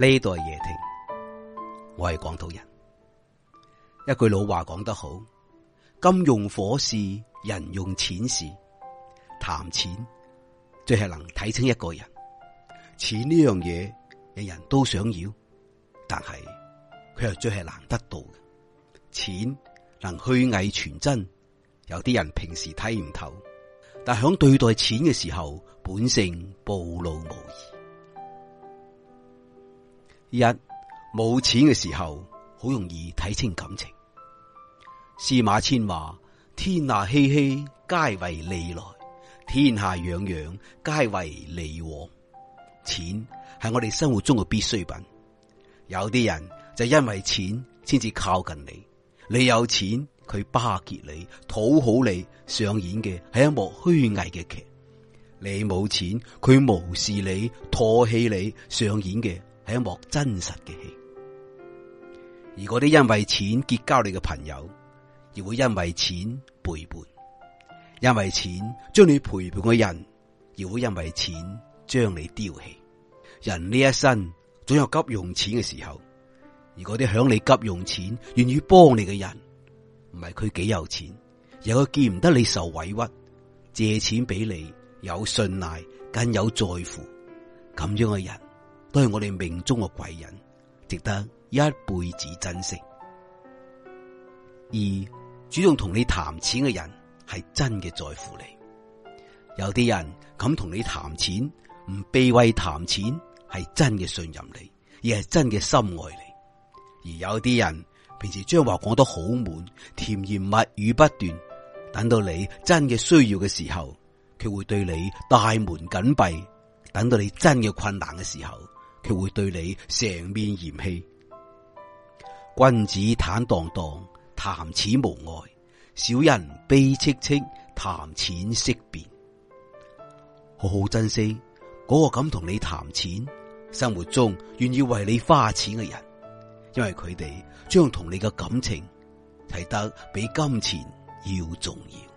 呢度係夜聽，我係廣土人。一句老話講得好：金用火試，人用錢試。談錢最係能睇清一個人。錢呢樣嘢，人人都想要，但係佢又最係難得到嘅。錢能去偽存真，有啲人平時睇唔透，但響對待錢嘅時候，本性暴露無疑。一冇錢嘅時候，好容易睇清感情。司馬遷話：天下熙熙，皆為利來；天下攘攘，皆為利往。錢係我哋生活中嘅必需品。有啲人就因為錢先至靠近你，你有錢佢巴結你、討好你，上演嘅係一幕虛偽嘅劇。你冇錢，佢無視你、唾棄你，上演嘅。係一幕真實嘅戲，而嗰啲因為錢結交你嘅朋友，而會因為錢背叛，因為錢將你陪伴嘅人，而會因為錢將你丟棄。人呢一生總有急用錢嘅時候，而嗰啲響你急用錢願意幫你嘅人，唔係佢幾有錢，又佢見唔得你受委屈，借錢俾你，有信賴，更有在乎，咁樣嘅人。都係我哋命中嘅貴人，值得一輩子珍惜。而主動同你談錢嘅人係真嘅在乎你，有啲人敢同你談錢，唔卑微談錢係真嘅信任你，而係真嘅心愛你。而有啲人平時將話講得好滿，甜言蜜語不斷，等到你真嘅需要嘅時候，佢會對你大門緊閉；等到你真嘅困難嘅時候，佢會對你成面嫌棄，君子坦蕩蕩，談錢無礙；小人悲戚戚，談錢色變。好好珍惜嗰、那個敢同你談錢、生活中願意為你花錢嘅人，因為佢哋將同你嘅感情睇得比金錢要重要。